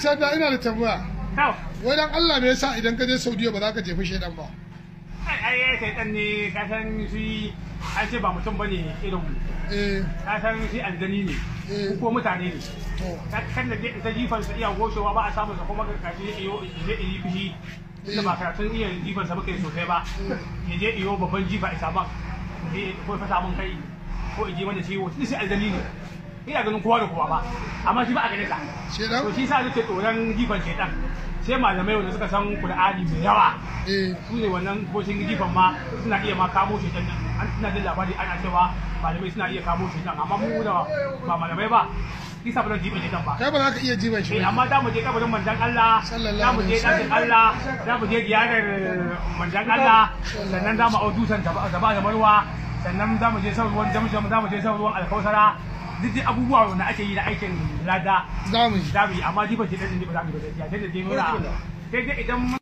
Sada ina da tambaya. Wai dan Allah me yasa idan ka je Saudiya ba za ka jefi shaidan ba? Ai ai dan ne ka san shi an ce ba mutum bane irin mu. Eh. Ka san shi aljani ne. Eh. Ko mutane ne. Ka kan da ta jifan sa iya goshewa ba a samu sa kuma ka je iyo je iyi fushi Tunda eh. ba karatun iya jifan sa baka yi sosai ba. Eh. Ya je iyo babban jifa isa ba. Ko fasa mun kai ko ije wanda ciwo tunda shi aljani ne. ina ganin kowa da kowa ba amma shi ba a ganin sa to shi sa nake tsoron jifan shedan sai malamai wanda suka san Qur'ani mai yawa eh. su ne wannan goshin jifan ma suna iya ma kamo shedan nan an suna jin labari ana cewa malamai suna iya kamo shedan amma mu da ba malamai ba Ki sa ba zan jibe shedan ba kai ba za ka iya jiban shi eh, amma za mu je kabarin manzon Allah da mu je dakin Allah da mu je ziyarar manzon Allah sannan da mu au dusan da ba da marwa sannan za mu je sauran ruwan jamjam za mu je sauran ruwan alkausara duk dai abubuwa na ake yi na aikin lada za yi amma jifa ce ɗan ne ba za mu yi ba sai da dai mura sai dai idan